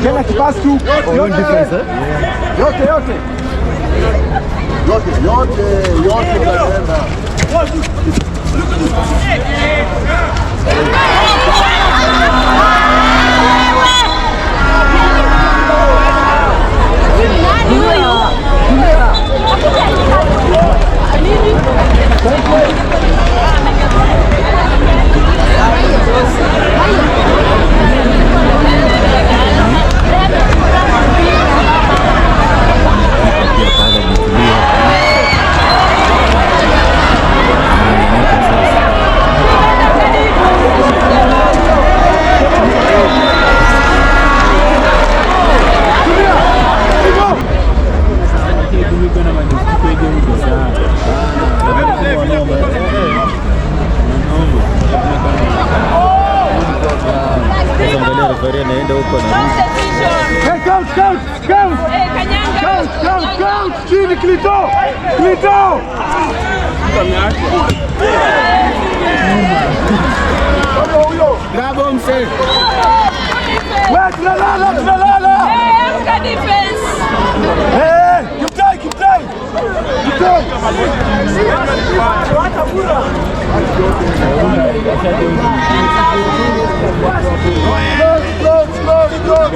Can I pass through? Oyun diferença. Yote, yote. Yote, yote, yote kalenda. Look at this. Thank you. Vito! Bravo, MC! Let's go, la la! let's go! defense! Hey, you take, you take! You take! Let's go! Kidogo,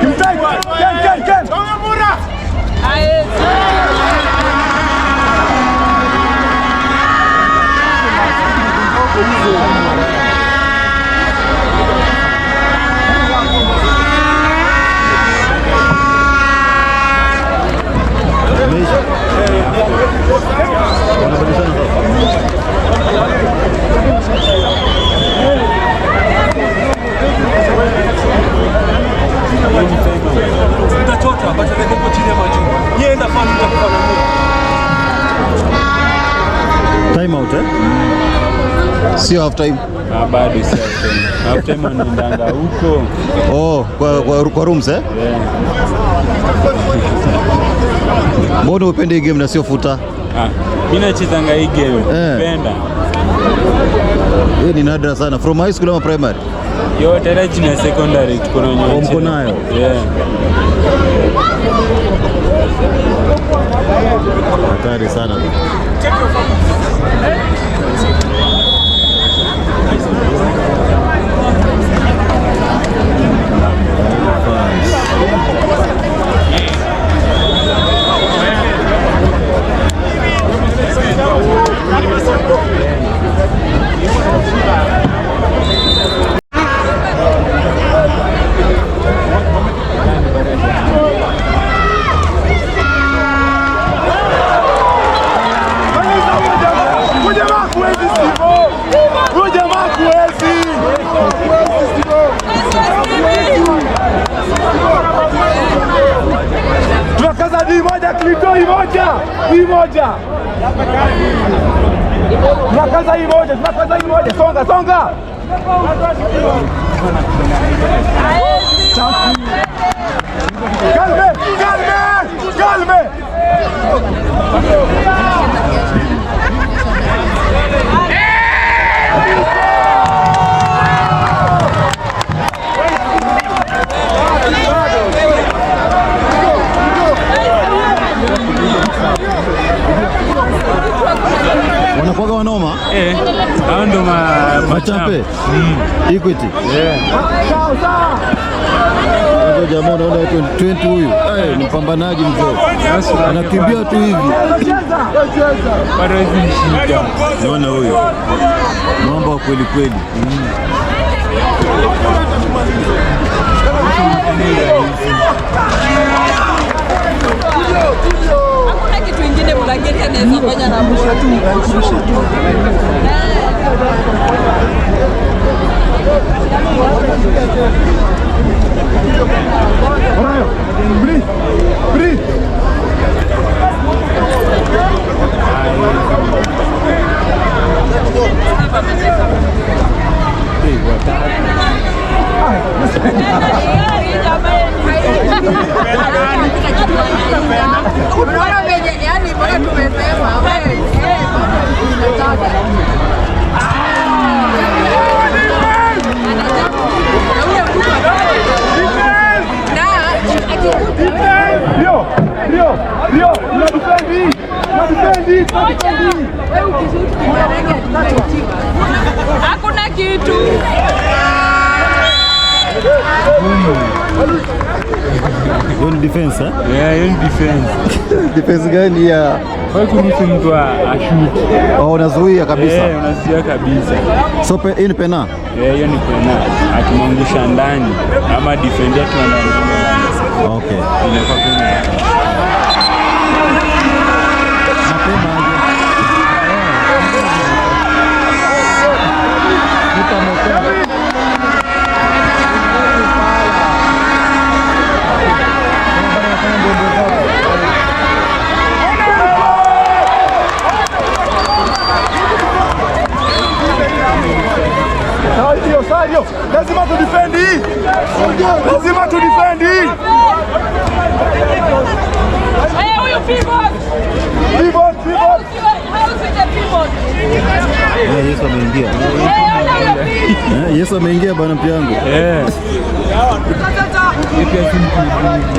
kidogo. time out eh? Sio half time. Ah, bado sio half time. Half time anaendanga huko. Oh, kwa kwa, kwa rooms eh? Yeah. Mbona upende hii game na sio futa? Ah, mimi nachezanga hii game. Napenda. Eh. Hii ni nadra sana. From high school ama primary? Yote chini ya secondary tuko nayo. Oh, mko nayo? Yeah. Hatari sana. Check your phone. imoja Na tunakaza imoja na tunakaza imoja songa songa, Calma, calma, calma. wanakwaga wanoma eh, hao ndo machape mm. Equity eh. Jamaa unaona 20 huyu eh. ni mpambanaji mzee, anakimbia tu hivi naona huyu mambo kweli kweli mm hakuna kitu ingine Bulgaria anaweza fanya na Mungu. Ndio, na defend. Na Hakuna kitu. defense eh? Yeah, hiyo defense. Defense gani ya wewe kuruhusu mtu ashuti? Oh, unazuia kabisa. Eh, unazuia kabisa. So hii ni pena? Eh, hiyo ni pena. Akimwangusha ndani ama defender tu ndani. Okay. Inakuwa pena. Congo. Yeah.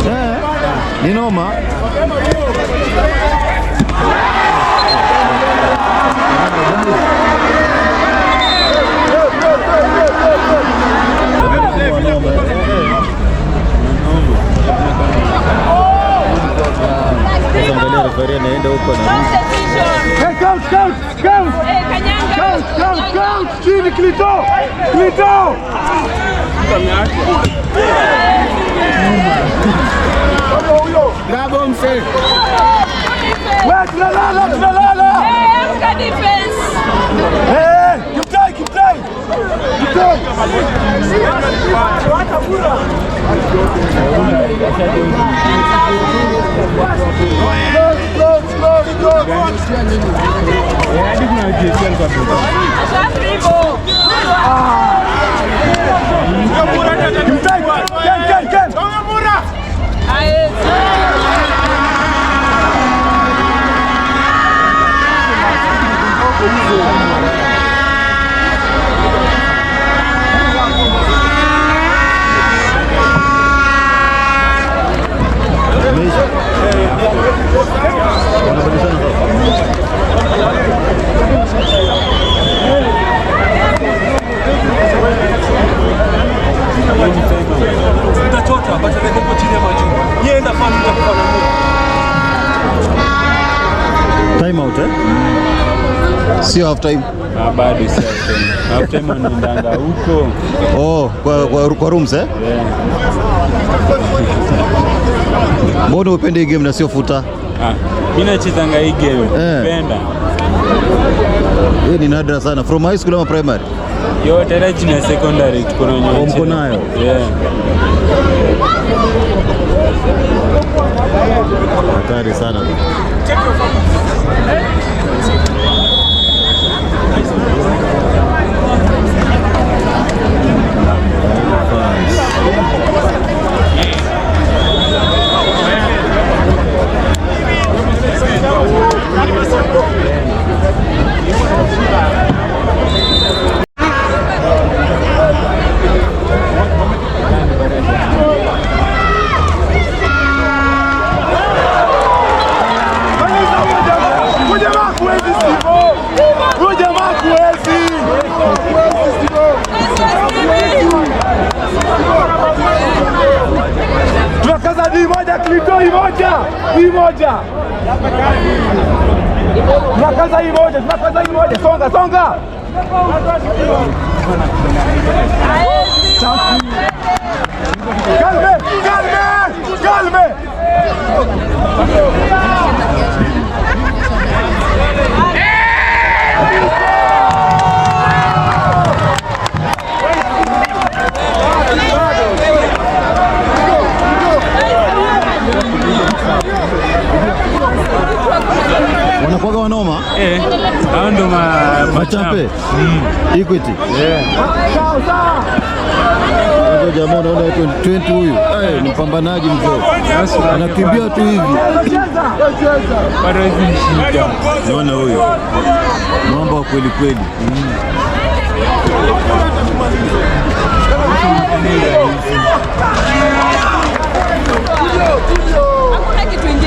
yeah. You know, ma. Angalia refaria anaenda huko na Coach, coach, coach! Calma, calma, calma, time, Clitão! Clitão! Bravo, homem! Let's go, let's go, let's go! Hey, look at defense! Hey, you take, you take! You take! Let's go! 김태균! 아! 김태균! 정영보라! 아예! Sio half time. Ah, bado sio half time. Half time anaendanga huko. Oh, kwa kwa, kwa rooms eh? Yeah. Mbona upende game na sio futa? Ah, mimi nachezanga hii game. Napenda. Eh. Hii ni nadra sana. From high school ama primary? Yote hata chini ya secondary tuko nayo. Oh, mko nayo? Yeah. Hatari sana. Afadhali moja, songa songa. calma calma calma wanakuwaga wanoma eh, hao ndo machape mm. Mm. Equity eh Jamaa, unaona 20 huyu eh, ni mpambanaji mzee, anakimbia tu hivi. Naona huyu mambo wa kweli kweli. Mm.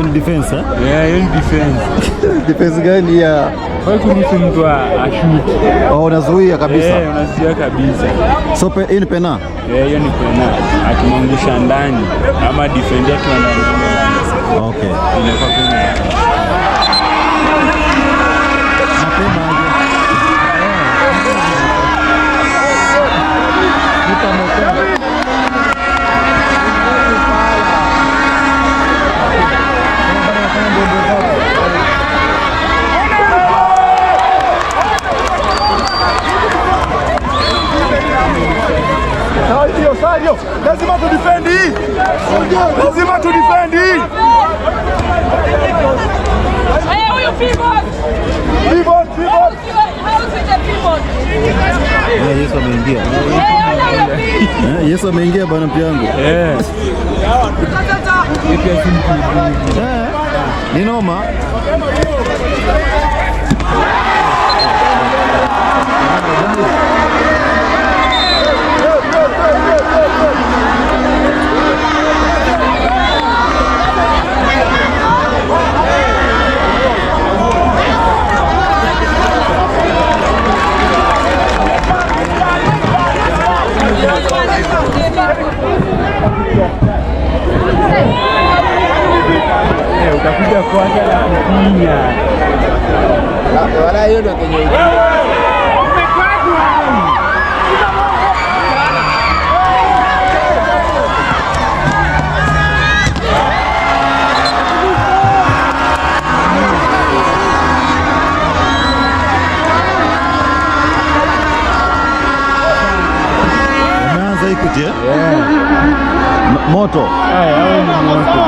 hiyo ni defense eh? Yeah, hiyo ni defense. Defense gani ya? Wewe kuruhusu mtu ashuti. Oh, unazuia kabisa. Eh, yeah, unazuia kabisa. So pe, hii ni pena? Yeah, hiyo ni pena. Akimwangusha ndani ama defender tu ndani. Okay. Inakuwa pena. 哎，我。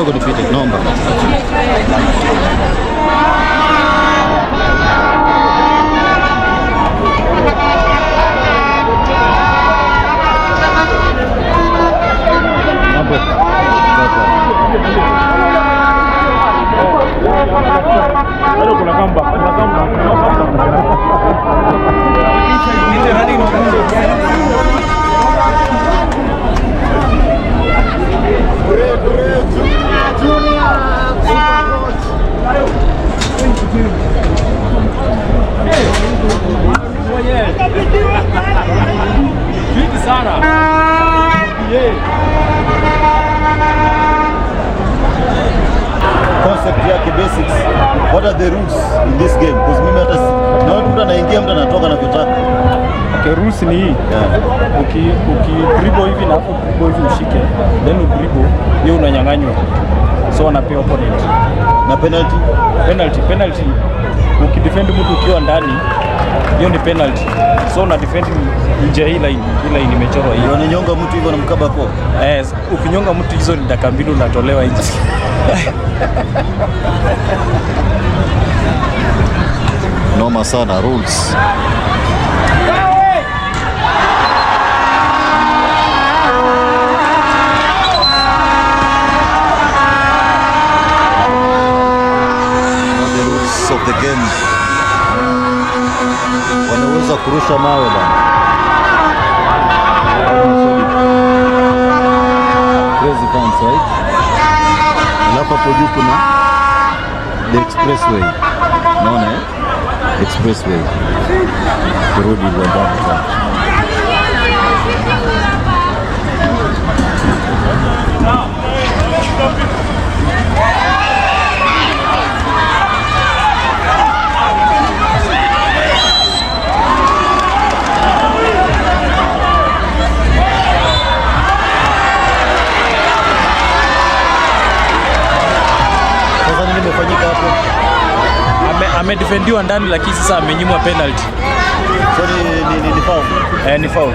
k i o g o nipite nomba p e t o concept yake basics, what are the rules in this game? Because mimi hata na mtu anaingia mtu anatoka na kutaka. Okay, rules ni hii. Yeah. Uki uki dribble hivi na hapo dribble hivi ushike, then u dribble yeye unanyang'anywa. So wanapewa opponent. Na penalty? Penalty, penalty. Ukidefend mtu ukiwa ndani hiyo ni penalty, so na defend nje hii line, hii line imechorwa hiyo. Unanyonga mtu hivyo na mkaba kwa eh, ukinyonga mtu hizo ni dakika mbili unatolewa nje. Noma sana rules. cruza mal, hermano. Crazy fans, Lá para Poduco, não? The Expressway. Não, né? Expressway. Road is about Não. amedefendiwa ndani, lakini sasa amenyimwa penalty. So ni ni, ni, ni foul. Eh, ni foul.